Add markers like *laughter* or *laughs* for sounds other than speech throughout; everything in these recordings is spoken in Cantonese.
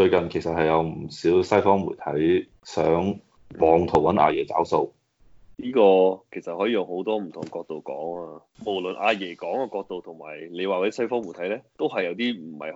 最近其實係有唔少西方媒體想妄圖揾阿爺找數，呢個其實可以用好多唔同角度講啊。無論阿爺講嘅角度同埋你話嗰啲西方媒體咧，都係有啲唔係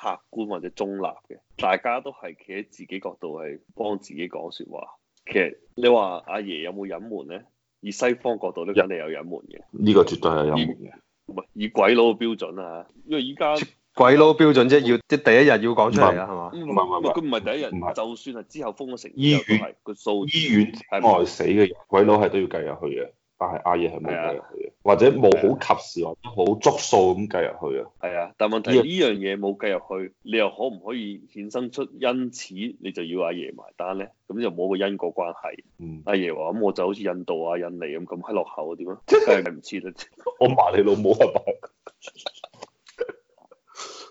好客觀或者中立嘅。大家都係企喺自己角度係幫自己講説話。其實你話阿爺有冇隱瞞咧？以西方角度都肯定有隱瞞嘅。呢個絕對係隱瞞嘅，唔係以鬼佬嘅標準啊！因為依家。鬼佬標準即係，要即第一日要講出嚟啦，係嘛？佢唔係第一日，就算係之後封咗成醫院個數，醫院外死嘅人鬼佬係都要計入去嘅，但係阿爺係冇計入去嘅，或者冇好及時，或者冇好足數咁計入去啊。係啊，但問題呢樣嘢冇計入去，你又可唔可以衍生出因此你就要阿爺埋單咧？咁又冇個因果關係。阿爺話：咁我就好似印度啊，印尼咁咁閪落後點啊？即係唔知啦，我罵你老母啊！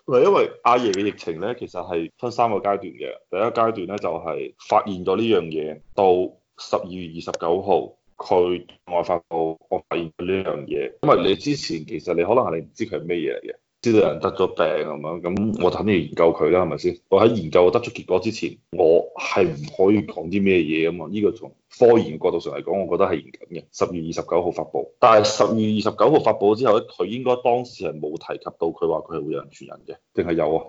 唔因為阿爺嘅疫情咧，其實係分三個階段嘅。第一個階段咧，就係發現咗呢樣嘢，到十二月二十九號佢外發布，我發現咗呢樣嘢。因為你之前其實你可能係你唔知佢係咩嘢嚟嘅。知道人得咗病咁樣，咁我就肯定要研究佢啦，係咪先？我喺研究得出結果之前，我係唔可以講啲咩嘢啊嘛？呢、這個從科研角度上嚟講，我覺得係嚴謹嘅。十月二十九號發布，但係十月二十九號發布之後咧，佢應該當時係冇提及到佢話佢係會有人傳人嘅，定係有啊？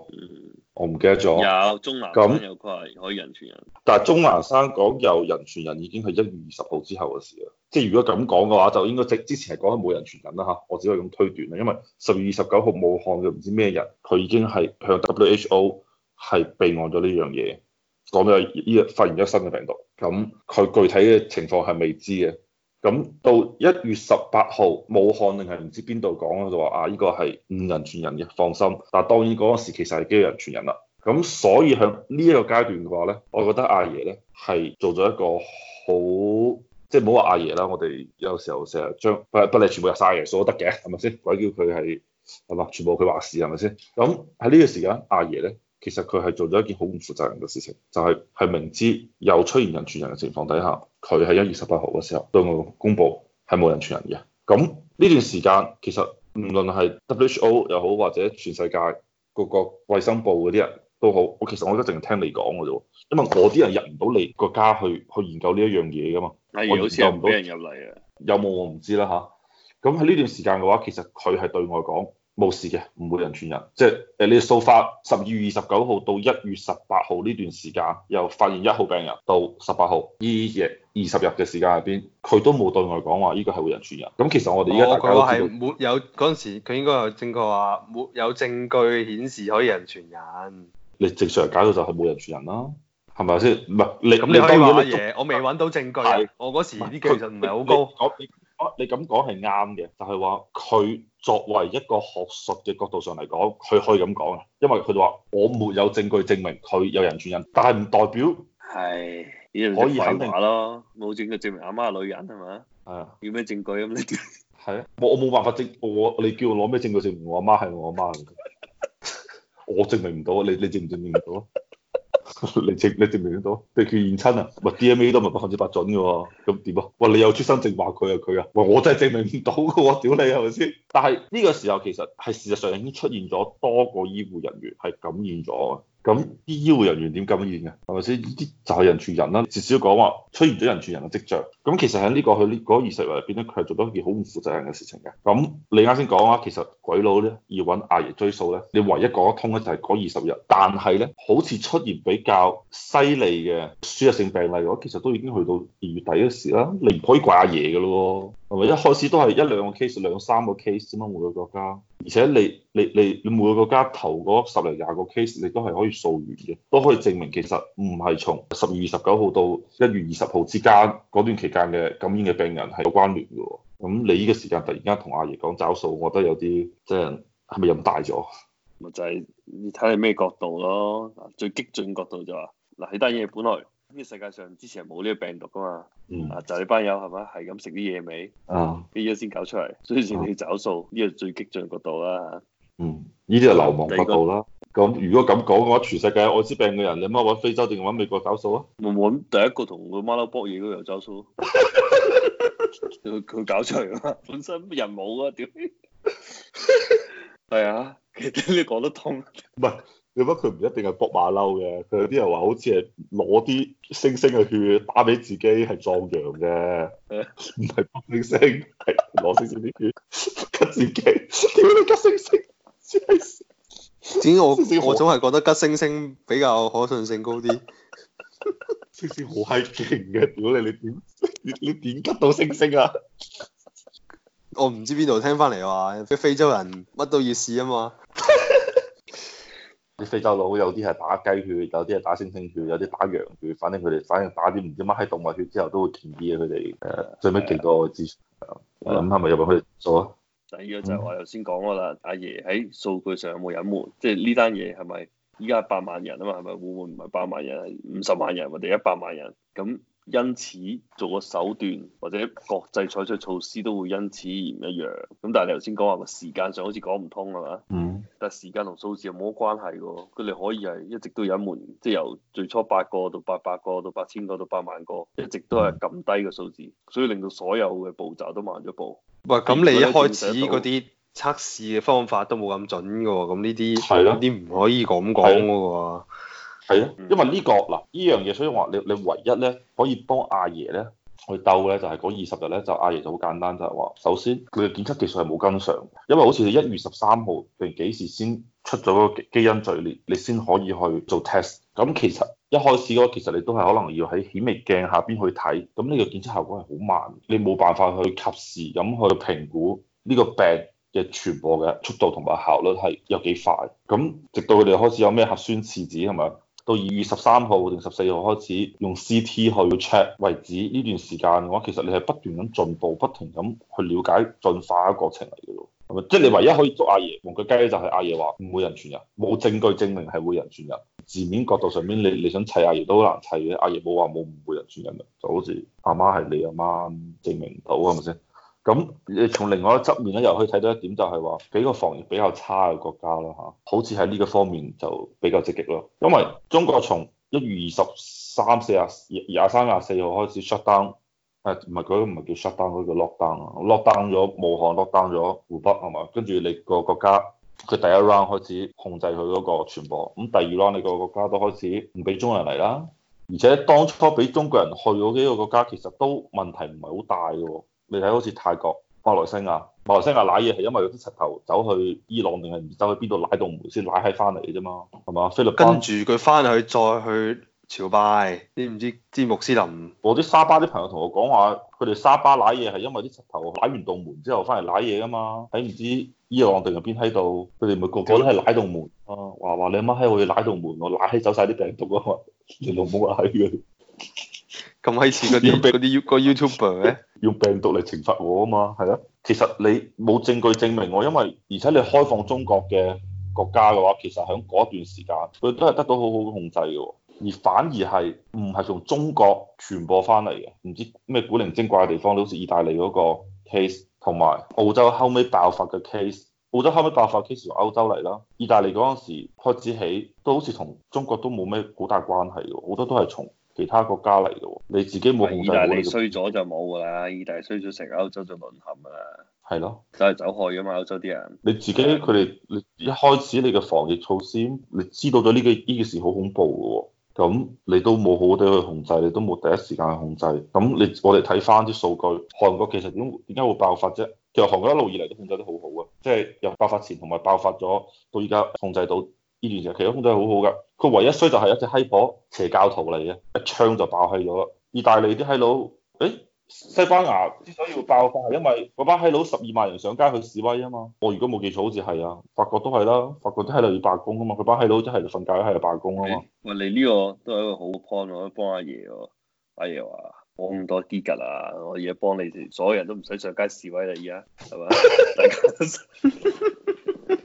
我唔記得咗。有鍾南山有講係可以人傳人，但係鍾南山講有人傳人已經係一月二十號之後嘅事啊。即係如果咁講嘅話，就應該即之前係講緊冇人傳人啦嚇，我只可以咁推斷啦，因為十月二十九號武漢嘅唔知咩人，佢已經係向 WHO 係備案咗呢樣嘢，講咗呢日發現咗新嘅病毒，咁佢具體嘅情況係未知嘅。咁到一月十八號，武漢定係唔知邊度講，就話啊，呢個係冇人傳人嘅，放心。但係當然嗰陣時其實係幾人傳人啦。咁所以向呢一個階段嘅話咧，我覺得阿爺咧係做咗一個好。即係唔好話阿爺啦，我哋有時候成日將不不你全部入晒阿爺數都得嘅，係咪先？鬼叫佢係，係嘛？全部佢話事係咪先？咁喺呢個時間，阿爺咧，其實佢係做咗一件好唔負責任嘅事情，就係、係、係明知有出現人傳人嘅情況底下，佢喺一月十八號嘅時候對我公佈係冇人傳人嘅。咁呢段時間其實唔論係 WHO 又好，或者全世界各個個衞生部嗰啲人都好，我其實我而家淨係聽你講嘅啫，因為我啲人入唔到你國家去去研究呢一樣嘢㗎嘛。係，好似、哎、有唔到人入嚟啊，有冇我唔知啦嚇。咁喺呢段時間嘅話，其實佢係對外講冇事嘅，唔會人傳人。即係誒，你數法十二月二十九號到一月十八號呢段時間，又發現一號病人到十八號二日二十日嘅時間入邊，佢都冇對外講話呢個係會人傳人。咁其實我哋而家大家都知佢話係冇有嗰陣時，佢應該有正確話冇有證據顯示可以人傳人。你正常解到就係冇人傳人啦、啊。係咪先？唔係你咁你可以話乜嘢？我未揾到證據。我嗰時啲技術唔係好高。我你咁講係啱嘅，就係話佢作為一個學術嘅角度上嚟講，佢可以咁講啊。因為佢就話我沒有證據證明佢有人傳人，但係唔代表係可以肯定下咯。冇證據證明阿媽係女人係咪啊？係啊。要咩證據咁你係啊，我我冇辦法證我你叫我攞咩證據證明我阿媽係我阿媽我證明唔到，你你證唔證明到啊？你證 *laughs* 你證明，你證明得到？你驗親啊，咪 D N A 都唔係百分之百準嘅喎，咁點啊？喂、啊，你有出生證話佢啊佢啊？喂、啊，我真係證明唔到嘅喎，屌你係咪先？但係呢個時候其實係事實上已經出現咗多個醫護人員係感染咗。咁啲醫護人員點感染嘅？係咪先？呢啲就係人傳人啦、啊。至少講話出現咗人傳人嘅跡象。咁其實喺呢、呢個佢呢嗰二十日入邊咧，佢係做咗一件好唔負責任嘅事情嘅。咁你啱先講啊，其實鬼佬咧要揾阿爺追數咧，你唯一講得通咧就係嗰二十日。但係咧，好似出現比較犀利嘅輸入性病例嘅話，我其實都已經去到二月底嘅時啦。你唔可以怪阿爺嘅咯。係咪一開始都係一兩個 case、兩三個 case 先啦？每個國家，而且你、你、你、你每個國家頭嗰十零廿個 case，你都係可以數完嘅，都可以證明其實唔係從十二月十九號到一月二十號之間嗰段期間嘅感染嘅病人係有關聯嘅。咁你呢個時間突然間同阿爺講找數，我覺得有啲即係係咪又大咗？咪就係你睇係咩角度咯。最激進角度就話、是、嗱，呢單嘢本來。呢個世界上之前冇呢個病毒噶嘛、嗯，啊就你班友係咪？係咁食啲野味，啊、嗯，依家先搞出嚟，所以先要找數，呢個最激進嘅角度啦。嗯，呢啲就流氓報道啦。咁一如果咁講嘅話，全世界有愛滋病嘅人，你乜揾非洲定揾美國數找數啊？我揾第一個同個馬騮搏嘢都個又找數。佢搞出嚟啦，本身人冇啊， *laughs* 是啊，屌，係啊，其點解講得通？唔係。你話佢唔一定係搏馬騮嘅，佢有啲人話好似係攞啲星星嘅血打俾自己係壯陽嘅，唔係搏星星，係攞星星啲血吉 *laughs* 自己。屌你吉星星，真 *laughs* 係。點我我總係覺得吉星星比較可信性高啲。 *laughs* 星星好閪勁嘅，屌你你點你你點吉到星星啊？我唔知邊度聽翻嚟話，啲非洲人乜都要試啊嘛。啲非洲佬有啲係打雞血，有啲係打猩猩血，有啲打羊血，反正佢哋反正打啲唔知乜喺動物血之後都會健啲啊！佢哋最尾健到我知，咁係咪入去做啊？第二個就係我頭先講噶啦，阿爺喺數據上有冇隱瞞？即係呢單嘢係咪依家八萬人啊嘛？係咪會唔會唔係八萬人，五十萬人，或者一百萬人咁？是因此做個手段或者國際採取措施都會因此而唔一樣。咁但係你頭先講話個時間上好似講唔通係嘛？嗯。但係時間同數字又冇乜關係喎。佢哋可以係一直都隱瞞，即係由最初八個到八百個，個到八千個到八萬個，一直都係咁低嘅數字，所以令到所有嘅步驟都慢咗步。喂，咁你一開始嗰啲、嗯、測試嘅方法都冇咁準㗎喎。咁呢啲係咯，啲唔可以咁講嘅喎。係啊，因為呢個嗱呢樣嘢，所以話你你唯一咧可以幫阿爺咧去鬥咧，就係嗰二十日咧，就阿爺就好簡單，就係話首先佢嘅檢測技術係冇跟上，因為好似你一月十三號定幾時先出咗嗰個基因序列，你先可以去做 test。咁其實一開始嗰其實你都係可能要喺顯微鏡下邊去睇，咁呢個檢測效果係好慢，你冇辦法去及時咁去評估呢個病嘅傳播嘅速度同埋效率係有幾快。咁直到佢哋開始有咩核酸試紙係咪？到二月十三號定十四號開始用 CT 去 check 為止，呢段時間嘅話，其實你係不斷咁進步，不停咁去了解進化嘅過程嚟嘅咯，係咪？即係你唯一可以捉阿爺黃腳雞就係阿爺話唔會人傳人，冇證據證明係會人傳人。字面角度上面，你你想砌阿爺都好難砌嘅，阿爺冇話冇唔會人傳人啦，就好似阿媽係你阿媽，媽證明唔到係咪先？是咁你從另外一側面咧，又可以睇到一點，就係話幾個防疫比較差嘅國家啦嚇，好似喺呢個方面就比較積極咯。因為中國從一月二十三四日廿三廿四號開始 shut down，誒唔係佢唔係叫，叫 shut down，佢 lock down，lock down 咗，武漢 lock down 咗，湖北係嘛？跟住你個國家佢第一 round 開始控制佢嗰個傳播，咁第二 round 你個國家都開始唔俾中國人嚟啦。而且當初俾中國人去嗰幾個國家，其實都問題唔係好大嘅。你睇好似泰國、馬來西亞，馬來西亞瀨嘢係因為嗰啲柒頭走去伊朗定係唔走去邊度舐道門先舐起翻嚟嘅啫嘛，係嘛？菲律賓跟住佢翻去再去朝拜，知唔知知穆斯林？我啲沙巴啲朋友同我講話，佢哋沙巴瀨嘢係因為啲柒頭舐完道門之後翻嚟舐嘢噶嘛，喺唔知伊朗定係邊喺度，佢哋咪個個都係舐道門咯，話、啊、話你阿媽喺我要舐道門，我舐起走晒啲病毒啊嘛，原來冇舐嘅。 *laughs* 咁好似嗰啲俾嗰啲 U 個 YouTuber 咧， *laughs* 用病毒嚟懲罰我啊嘛，係咯。其實你冇證據證明我，哦，因為而且你開放中國嘅國家嘅話，其實響嗰段時間佢都係得到好好控制嘅，哦，而反而係唔係從中國傳播翻嚟嘅，唔知咩古靈精怪嘅地方，好似意大利嗰個 case，同埋澳洲後尾爆發嘅 case，澳洲後尾爆發 case 從歐洲嚟啦。意大利嗰陣時開始起都好似同中國都冇咩好大關係嘅，好多都係從其他國家嚟嘅喎，你自己冇控制你。你衰咗就冇㗎啦，意大利衰咗成歐洲就淪陷㗎啦。係咯的，就係走害㗎嘛，歐洲啲人。你自己佢哋的，你一開始你嘅防疫措施，你知道咗呢個呢件事好恐怖嘅喎，咁你都冇好好哋去控制，你都冇第一時間去控制。咁你我哋睇翻啲數據，韓國其實點點解會爆發啫？其實韓國一路以嚟都控制得好好啊，即係由爆發前同埋爆發咗到而家控制到呢段時間，其實控制係好好㗎。佢唯一衰就係一隻閪婆邪教徒嚟嘅，一槍就爆氣咗啦。意大利啲閪佬，誒，西班牙之所以會爆發係因為嗰班閪佬十二萬人上街去示威啊嘛。我如果冇記錯好似係啊，法國都係啦，法國啲閪佬要罷工啊嘛，佢班閪佬真係瞓覺，喺度就罷工啊嘛。喂，你呢個都係一個好 point，我幫阿爺喎，阿爺話冇咁多 g i g 啦，我而家幫你哋，所有人都唔使上街示威啦，而家係咪？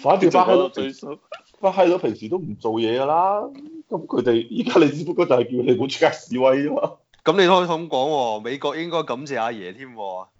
快啲翻去追數。不閪咯，平時都唔做嘢噶啦，咁佢哋依家你只不過就係叫你唔好出街示威啫嘛。咁你都可以咁講，哦，美國應該感謝阿爺添。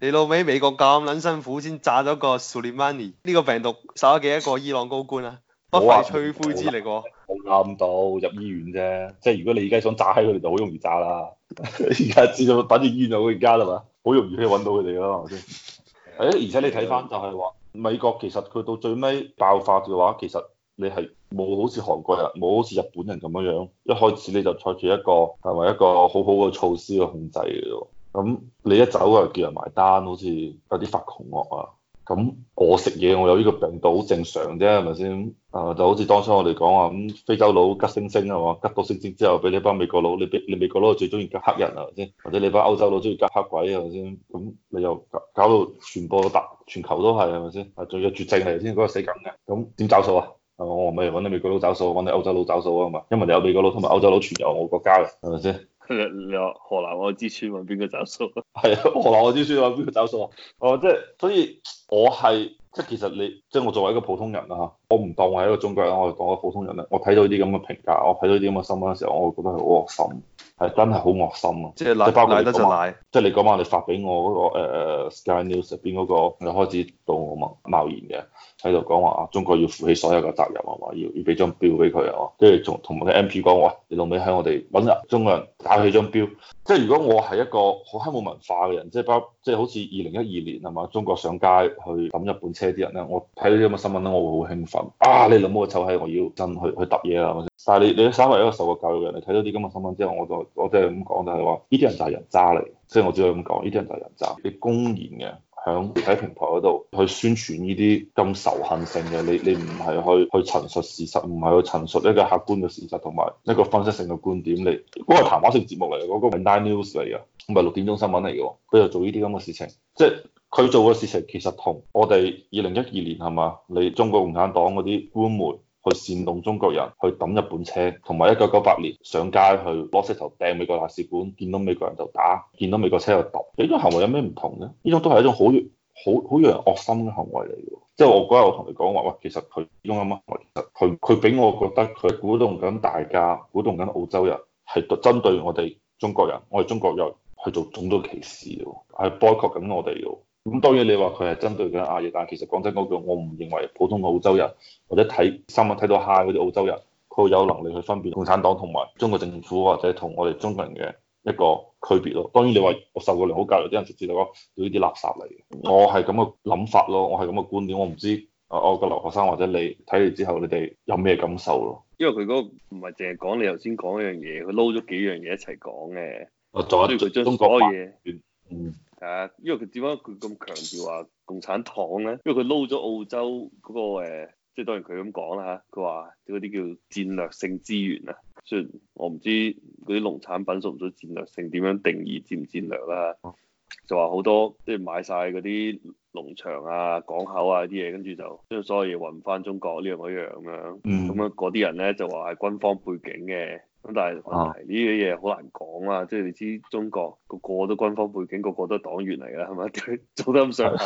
你老味美國咁撚辛苦先炸咗個蘇萊曼尼，呢個病毒殺咗幾多個伊朗高官啊？不費吹灰之力喎。冇啱到入醫院啫，即係如果你而家想炸喺佢哋就好容易炸啦。而家知道等住醫院就喎，而家係嘛？好容易可以揾到佢哋咯。誒， *laughs* 而且你睇翻就係話美國其實佢到最尾爆發嘅話，其實。你係冇好似韓國人，冇好似日本人咁樣樣，一開始你就採取一個係咪一個好好嘅措施去控制嘅，咁你一走又叫人埋單，好似有啲發窮惡啊！咁我食嘢我有呢個病毒好正常啫，係咪先？啊就好似當初我哋講話咁，非洲佬吉星星係嘛？吉到星星之後，俾你班美國佬，你俾你美國佬最中意吉黑人係咪先？或者你班歐洲佬中意吉黑鬼係咪先？咁你又搞，搞到全部都搭全球都係係咪先？啊仲要絕症嚟先嗰個死梗嘅，咁點找數啊？啊、我我咪揾你美國佬找數，揾你歐洲佬找數啊嘛！因為你有美國佬同埋歐洲佬全由我國家嘅，係咪先？你你話河南我支村揾邊個找數？係 *laughs* 啊，河南我支村揾邊個找數哦，即係，所以我係即係其實你即係、就是、我作為一個普通人啊，我唔當我係一個中國人，我係當我個普通人咧。我睇到呢啲咁嘅評價，我睇到呢啲咁嘅新聞嘅時候，我會覺得係好惡心，係真係好惡心啊！即係包括你嗰晚，即係你嗰晚你發俾我嗰個誒 Sky News 入、那個、邊嗰、那個又開始到我貿貿然嘅。喺度講話啊，中國要負起所有嘅責任啊嘛，要要俾張表俾佢啊，跟住仲同埋個 MP 講，喂，你老尾喺我哋搵日，中國人打起張表，即係如果我係一個好黑冇文化嘅人，即係包，即係好似二零一二年係嘛，中國上街去抌日本車啲人咧，我睇到啲咁嘅新聞咧，我會好興奮啊！你老母個臭閪，我要真去去揼嘢啦！但係你你身為一個受過教育嘅人，你睇到啲咁嘅新聞之後，我就我真係咁講，就係話呢啲人就係人渣嚟，即係我只可以咁講，呢啲人就係人渣，你公然嘅。喺媒體平台嗰度去宣傳呢啲咁仇恨性嘅，你你唔係去去陳述事實，唔係去陳述一個客觀嘅事實同埋一個分析性嘅觀點，你嗰個談話性節目嚟嘅，嗰個係 Nine News 嚟嘅，唔係六點鐘新聞嚟嘅，佢就做呢啲咁嘅事情，即係佢做嘅事情其實同我哋二零一二年係嘛，你中國共產黨嗰啲官媒。去煽動中國人去抌日本車，同埋一九九八年上街去攞石頭掟美國大使館，見到美國人就打，見到美國車就擋。呢種行為有咩唔同呢？呢種都係一種好好好讓人惡心嘅行為嚟嘅。即係我嗰日我同你講話，喂，其實佢呢種行為，其實佢佢俾我覺得佢鼓動緊大家，鼓動緊澳洲人係針對我哋中國人，我哋中國人去做種族歧視喎，係迫迫緊我哋喎。咁當然你話佢係針對緊亞裔，但其實講真嗰句，我唔認為普通嘅澳洲人或者睇新聞睇到下嗰啲澳洲人，佢會有能力去分辨共產黨同埋中國政府或者同我哋中國人嘅一個區別咯。當然你話我受過良好教育啲人直接就講，呢啲垃圾嚟嘅。我係咁嘅諗法咯，我係咁嘅觀點。我唔知我個留學生或者你睇嚟之後，你哋有咩感受咯？因為佢嗰個唔係淨係講你頭先講一樣嘢，佢撈咗幾樣嘢一齊講嘅。哦、那個，仲有最中國化。嗯。嗯。係啊，因為佢點解佢咁強調話共產黨咧？因為佢撈咗澳洲嗰個誒，即係當然佢咁講啦嚇。佢話嗰啲叫戰略性資源啊，雖然我唔知嗰啲農產品屬唔屬戰略性，點樣定義戰唔戰略啦。就話好多即係買晒嗰啲農場啊、港口啊啲嘢，跟住就將所有嘢運翻中國呢樣嗰樣咁樣。咁樣。mm. 咁樣嗰啲人咧就話係軍方背景嘅。咁但係問題，呢啲嘢好難講啊，即係、啊就是、你知中國個個都軍方背景，個個都黨員嚟噶，係咪做得咁上下？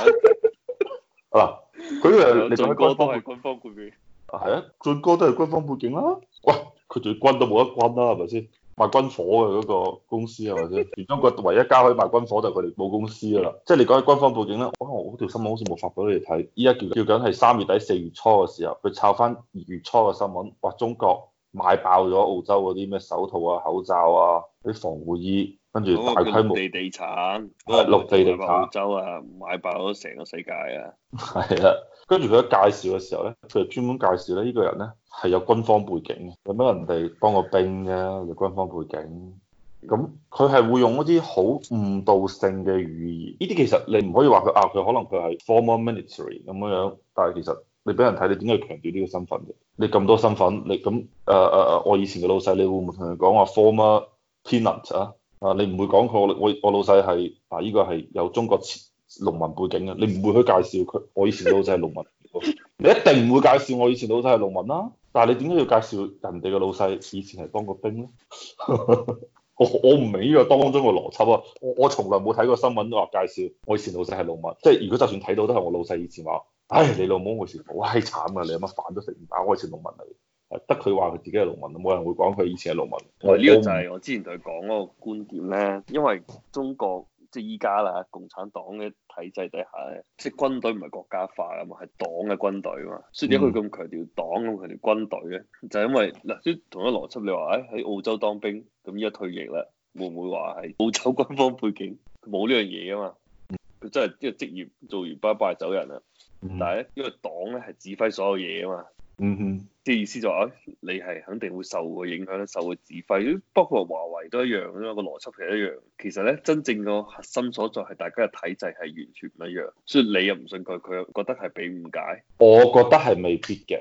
嗱，佢誒，最高係軍方背景，係 *laughs* 啊，最高、啊、都係軍方背景啦、啊。喂，佢最要軍都冇得軍啦、啊，係咪先賣軍火嘅嗰個公司係咪先？而 *laughs* 中國唯一家可以賣軍火就佢哋冇公司啦。即係 *laughs* 你講喺軍方背景咧，我我條新聞好似冇發畀你哋睇，依家叫叫緊係三月底四月初嘅時，時，時候，佢抄翻二月初嘅新聞，話，中國。買爆咗澳洲嗰啲咩手套啊、口罩啊、啲防護衣，跟住大規模、哦、地地產，綠、啊、地地產，地，地，產地產澳洲啊，買爆咗成個世界啊！係啊，跟住佢一介紹嘅時候咧，佢就專門介紹咧呢個人咧係有軍方背景有咩人哋當個兵嘅，有軍方背景，咁佢係會用一啲好誤導性嘅語言，呢啲其實你唔可以話佢啊，佢可能佢係 former military 咁樣樣，但係其實。你俾人睇你點解要強調呢個身份嘅？你咁多身份，你咁誒誒誒，我以前嘅老細，你會唔會同佢講話 form 啊、er、tenant 啊？啊，你唔會講佢我我老細係啊？依、呢個係有中國農民背景嘅，你唔會去介紹佢。我以前老細係農民，你一定唔會介紹我以前老細係農民啦。但係你點解要介紹人哋嘅老細以前係當過兵咧？ *laughs* 我我唔明呢個當中嘅邏輯啊！我我從來冇睇過新聞都話介紹我以前老細係農民，即係如果就算睇到都係我老細以前話。唉，你老母嗰時好嗨慘啊！你乜飯都食唔飽，嗰時農民嚟，得佢話佢自己係農民，冇人會講佢以前係農民。呢個就係我之前同佢講嗰個觀點咧，因為中國即係依家啦，共產黨嘅體制底下咧，即係軍隊唔係國家化啊嘛，係黨嘅軍隊啊嘛。所以而家佢咁強調黨咁強調軍隊咧，就係、是、因為嗱，即同一邏輯，你話唉喺澳洲當兵，咁依家退役啦，會唔會話係澳洲軍方背景冇呢樣嘢啊嘛？佢、嗯、真係即係職業做完拜拜走人啊！但係咧，因為黨咧係指揮所有嘢啊嘛，嗯哼，即係意思就話，你係肯定會受個影響，受個指揮。不過華為都一樣，因為個邏輯其實一樣。其實咧，真正個核心所在係大家嘅體制係完全唔一樣，所以你又唔信佢，佢又覺得係被誤解。我覺得係未必嘅。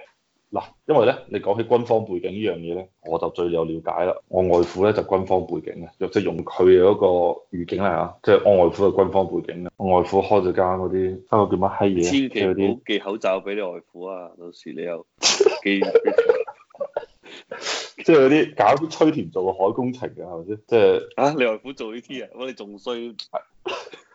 嗱，因為咧，你講起軍方背景呢樣嘢咧，我就最有了解啦。我外父咧就是、軍方背景嘅，若即係用佢嘅嗰個預警咧吓，即係、就是、我外父嘅軍方背景嘅，我外父開咗間嗰啲，嗰個叫乜閪嘢？千祈唔好寄口罩俾你外父啊，到時你又寄，即係嗰啲搞吹填做海工程嘅係咪先？即係、就是、啊，你外父做呢啲啊，我哋仲衰。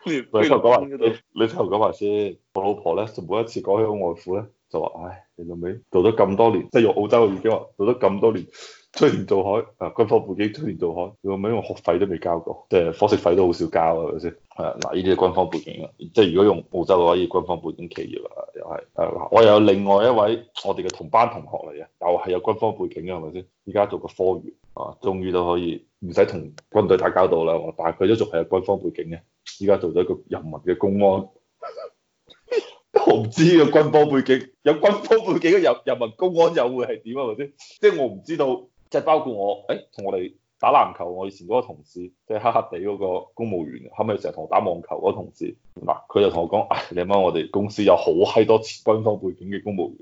你之後講話，你之後講話先。我老婆咧就每一次講起我外父咧。就話，唉，你老味做咗咁多年，即係用澳洲嘅語境話做咗咁多年，出年做海啊，軍方背景出年做海，你老味用學費都未交過，即係伙食費都好少交係咪先？係嗱，呢啲係、啊、軍方背景啦，即係如果用澳洲嘅話，要軍方背景企業啦，又係我，又有另外一位我哋嘅同班同學嚟嘅，又係有軍方背景嘅係咪先？依家做個科員啊，終於都可以唔使同軍隊打交道啦，但係佢都仲係有軍方背景嘅，依家做咗一個人民嘅公安。我唔知啊，軍方背景有軍方背景嘅人，人民公安又會係點啊？或者即係我唔知道，即係包括我，誒、欸，同我哋打籃球，我以前嗰個同事，即係黑黑地嗰個公務員，後尾成日同我打網球嗰個同事，嗱，佢就同我講、哎，你阿媽我哋公司有好閪多次軍方背景嘅公務員，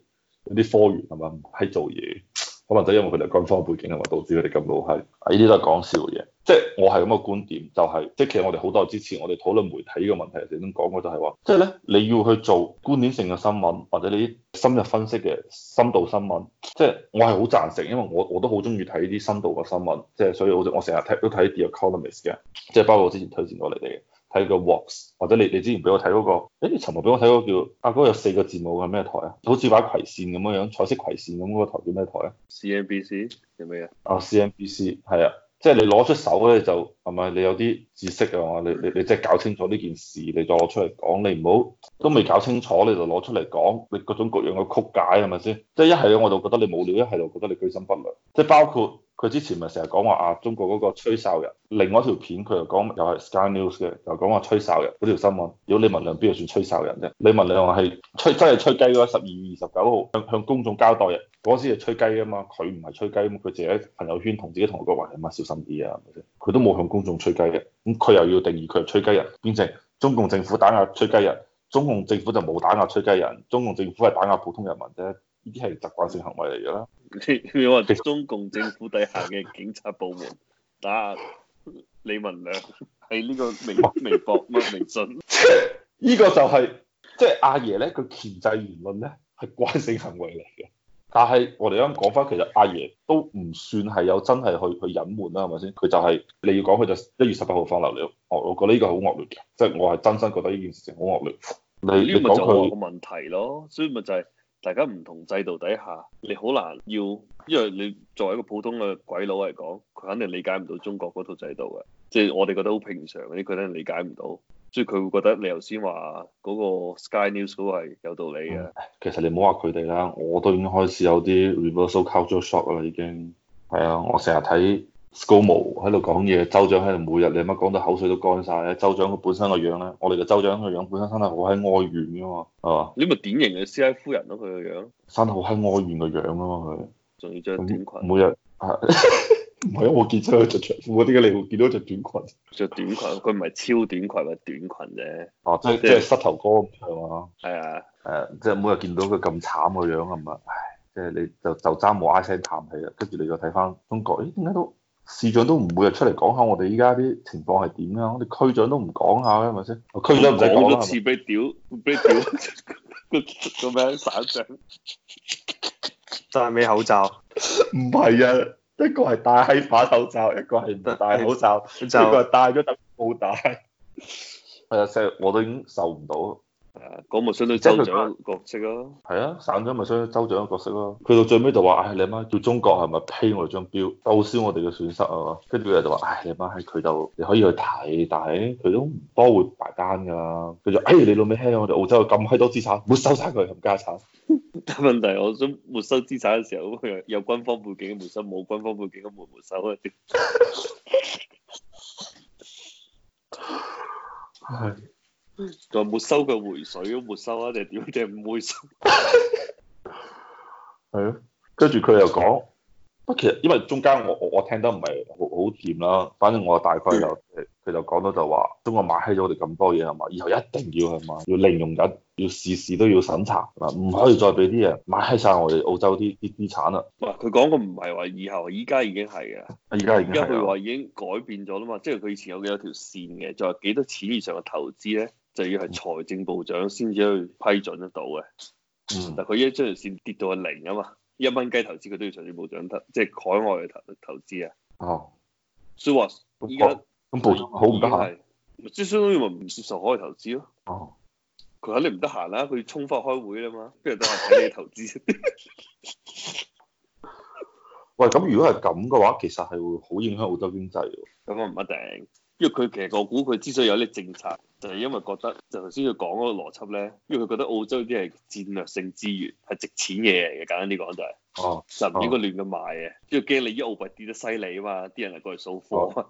嗰啲科員係咪喺做嘢？是。咁或者因為佢哋軍方背景啊嘛，導致佢哋咁老閪，呢啲都係講笑嘅嘢、就是就是。即係我係咁嘅觀點，就係即係其實我哋好多之前我哋討論媒體呢個問題，成日都講嘅就係、是、話，即係咧你要去做觀點性嘅新聞，或者你啲深入分析嘅深度新聞，即、就、係、是、我係好贊成，因為我我都好中意睇啲深度嘅新聞，即、就、係、是、所以我，我就我成日睇都睇啲 Economist 嘅，即係包括我之前推薦過你哋嘅。睇個 Walks，或者你你之前俾我睇嗰個，誒尋日俾我睇嗰個叫啊嗰個有四個字母嘅咩台啊，好似把葵扇咁樣樣，彩色葵扇咁嗰個台叫咩台啊？C N B C，係咩啊？啊 C N B C 係啊，即係你攞出手咧就係咪你有啲知識啊嘛？你你你即係搞清楚呢件事，你再攞出嚟講，你唔好都未搞清楚你就攞出嚟講，你各種各樣嘅曲解係咪先？即係一係我就覺得你冇料，一係就覺得你居心不良。即係包括。佢之前咪成日講話啊中國嗰個吹哨人，另外一條片佢又講又係 Sky News 嘅，又講話吹哨人嗰條新聞。如果李文亮邊度算吹哨人啫？李文亮話係吹真係吹雞嗰日十二月二十九號向公眾交代嘅，嗰時係吹雞啊嘛，佢唔係吹雞啊，佢自己喺朋友圈同自己同學講嘛，小心啲啊，佢都冇向公眾吹雞嘅，咁佢又要定義佢係吹雞人，變成中共政府打壓吹雞人，中共政府就冇打壓吹雞人，中共政府係打壓普通人民啫。呢啲係習慣性行為嚟嘅啦。你你 *laughs* 中共政府底下嘅警察部門打李文亮喺呢個微博、微博、乜微信，呢 *laughs* 個就係即係阿爺咧，佢鉗制言論咧係慣性行為嚟嘅。但係我哋啱啱講翻，其實阿爺都唔算係有真係去去隱瞞啦，係咪先？佢就係你要講，佢就一月十八號放流料。哦，我覺得呢個好惡劣嘅，即係我係真心覺得呢件事情好惡劣。你呢個咪就係個問題咯，所以咪就係。大家唔同制度底下，你好難要，因為你作為一個普通嘅鬼佬嚟講，佢肯定理解唔到中國嗰套制度嘅。即係我哋覺得好平常嗰啲，佢都理解唔到，所以佢會覺得你頭先話嗰個 Sky News 都係有道理嘅，嗯。其實你唔好話佢哋啦，我都已經開始有啲 reversal culture shock 啊啦已經。係啊，我成日睇。s c 高毛喺度講嘢，州長喺度每日你乜講到口水都乾晒咧。州長佢本身個樣咧，我哋個州長個樣本身生得好係哀怨噶嘛，係嘛？呢個典型嘅 C I 夫人咯，佢個樣，生得好係哀怨個樣啊嘛，佢。仲要着短裙。每日啊，唔係啊，我見咗一着長褲，點解你會見到一着短裙？着短裙，佢唔係超短裙，個短裙啫。哦，即係即係膝頭哥係嘛？係啊，誒就，係啊即係每日見到佢咁慘個樣啊嘛，唉，即係、就係、你就就爭冇唉聲嘆氣啦，跟住你再睇翻中國，咦，點解都？市長都唔會日出嚟講下我哋依家啲情況係點啊！我哋區長都唔講下嘅，咪先。區長唔使講啦。好多次俾屌，俾屌。 *laughs* 個名省長？戴咩口罩？唔係啊，一個係戴喺把口罩，一個係唔得戴口罩， *laughs* 啊、一個係戴咗戴帽戴。係啊，成日我都已經受唔到。係啊，嗰個相當於州長角色咯。係啊，省長咪相當於州長角色咯，啊。佢到最尾就話：唉、哎，你媽叫中國係咪批我哋張表，報銷我哋嘅損失啊？跟住佢就話：唉、哎，你媽喺佢度，你可以去睇，但係佢都唔多會埋單噶。佢就：哎，你老味聽我哋澳洲有咁閪多資產，沒收晒佢，冚家鏟。問題我想沒收資產嘅時候，有軍方背景嘅沒收，冇軍方背景嘅唔沒收啊！ *laughs* *laughs* 就沒收嘅回水，都沒收啊定點唔沒收？係咯，跟住佢又講，啊其實因為中間我我聽得唔係好好掂啦，反正我大概就佢就講到就話，中國買起咗我哋咁多嘢係嘛，以後一定要係嘛，要零容忍，要事事都要審查啊，唔可以再俾啲嘢買起晒我哋澳洲啲啲資產啦。佢講個唔係話以後，依家已經係嘅，而家依家佢話已經改變咗啦嘛，即係佢以前有幾多條線嘅，就係幾多錢以上嘅投資咧。就要係財政部長先至去批准得到嘅，嗯、但佢一將條線跌到個零啊嘛，一蚊雞投資佢都要財政部長投，即係海外嘅投投資啊。哦，所以話依家咁部長，好唔得閒，即係相當於咪唔接受海外投資咯。哦，佢肯定唔得閒啦，佢要衝翻開會啊嘛，邊度得閒睇你投資？ *laughs* *laughs* 喂，咁如果係咁嘅話，其實係會好影響澳洲經濟嘅。咁啊唔一定。因為佢其實我估佢之所以有啲政策，就係因為覺得就頭先佢講嗰個邏輯咧，因為佢覺得澳洲啲係戰略性資源，係值錢嘢嚟嘅，簡單啲講就係、啊，啊、就唔應該亂咁賣嘅、啊，因為驚你一澳幣跌得犀利啊嘛，啲人係過去掃貨。啊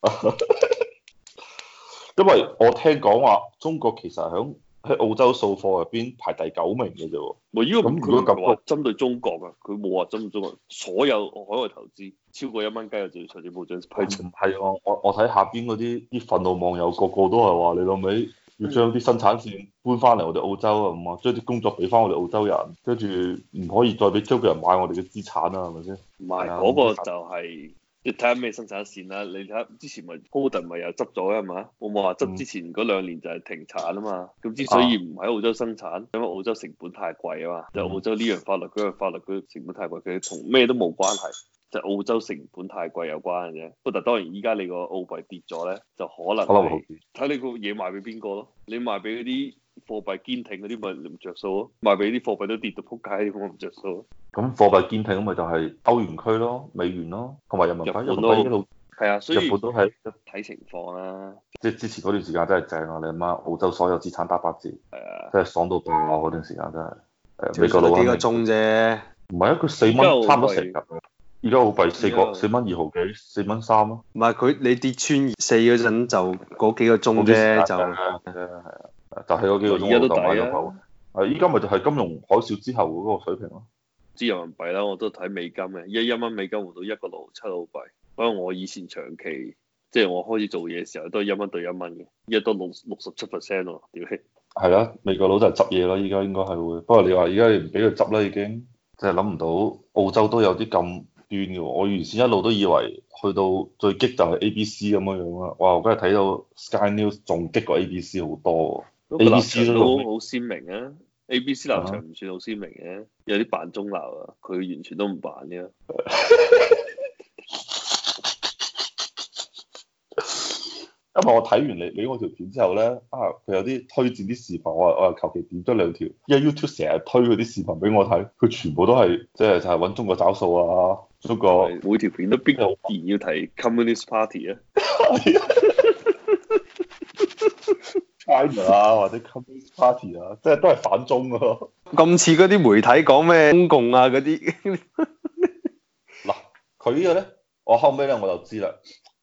啊、 *laughs* *laughs* 因為我聽講話，中國其實響。喺澳洲掃貨入邊排第九名嘅啫，咁如果咁啊，針對中國啊，佢冇話針對中國，所有我海外投資超過一蚊雞就直接財政部長批准。係唔係？我我睇下邊嗰啲啲憤怒網友個個都係話，你老味要將啲生產線搬翻嚟我哋澳洲啊，咁啊、嗯，將啲工作俾翻我哋澳洲人，跟住唔可以再俾中國人買我哋嘅資產是是是啊，係咪先？唔係嗰個就係、是。你睇下咩生產線啦，啊，你睇下之前咪高 o 咪又執咗嘅係嘛？我冇話執之前嗰兩年就係停產啊嘛。咁、嗯、之所以唔喺澳洲生產，啊、因為澳洲成本太貴啊嘛。嗯、就澳洲呢樣法律嗰個法律嗰成本太貴，佢同咩都冇關係，就是、澳洲成本太貴有關嘅。啫。不過當然依家你個澳幣跌咗咧，就可能係睇、啊、你個嘢賣俾邊個咯。你賣俾嗰啲。貨幣堅挺嗰啲咪唔着數咯，賣俾啲貨幣都跌到撲街，我唔著數。咁貨幣堅挺咁咪就係歐元區咯、美元咯，同埋人民幣。日幣一路係啊，所以日本都係睇情況啦。即係之前嗰段時間真係正啊！你阿媽澳洲所有資產打八折，係啊，真係爽到爆嗰段時間真係。美國佬幾個鐘啫？唔係啊，佢四蚊差唔多四日。而家澳幣四個四蚊二毫幾，四蚊三咯。唔係佢你跌穿四嗰陣就嗰幾個鐘啫，就係啊。就係有幾個鐘頭買入口，啊！依家咪就係金融海嘯之後嗰個水平咯。知人民幣啦，啊，我都睇美金嘅，一一蚊美金換到一個六七澳幣。不過我以前長期，即係我開始做嘢時候都係一蚊兌一蚊嘅，一家都六六十七 percent 咯，屌！係咯，美國佬就係執嘢咯。依家應該係會，不過你話而家唔俾佢執啦，已經真係諗唔到。澳洲都有啲咁斷嘅喎。我原先一路都以為去到最激就係 A B C 咁樣樣啦。哇！今日睇到 Sky News 仲激過 A B C 好多喎。A B C 都好鮮明啊，A B C 立場唔算好鮮明嘅，有啲扮中立啊，佢、uh huh. 啊、完全都唔扮嘅。今日 *laughs* 我睇完你你我條片之後咧，啊，佢有啲推薦啲視頻，我我又求其點咗兩條，因為 YouTube 成日推嗰啲視頻俾我睇，佢全部都係即係就係、是、揾、就是、中國找數啊，中國每條片都邊個好變要睇 Communist Party 啊？ *laughs* I M E 啊或者 Communist Party 啊，即係都係反中咯。咁似嗰啲媒體講咩中共啊嗰啲。嗱，佢呢個咧，我後屘咧我就知啦。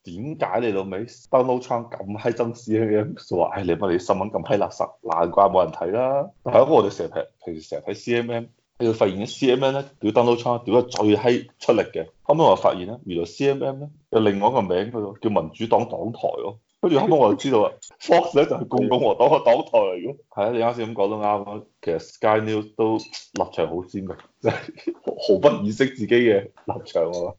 點解你老屘 Donald Trump 咁閪憎 C M M 就話：，唉，你乜你新聞咁閪垃圾，難怪冇人睇啦。係啊，不過我哋成日平平時成日睇 C M M，就發現啲 C M M 咧，屌 Donald Trump 屌得最閪出力嘅。後屘我就發現咧，原來 C M M 咧有另外一個名叫做叫民主黨黨台喎。跟住 *laughs* 後尾我就知道啦，Fox 咧就係、是、共，共和黨個黨台嚟嘅。係啊， *laughs* 你啱先咁講都啱啊。其實 Sky News 都立場好鮮明嘅，就係毫不掩飾自己嘅立場。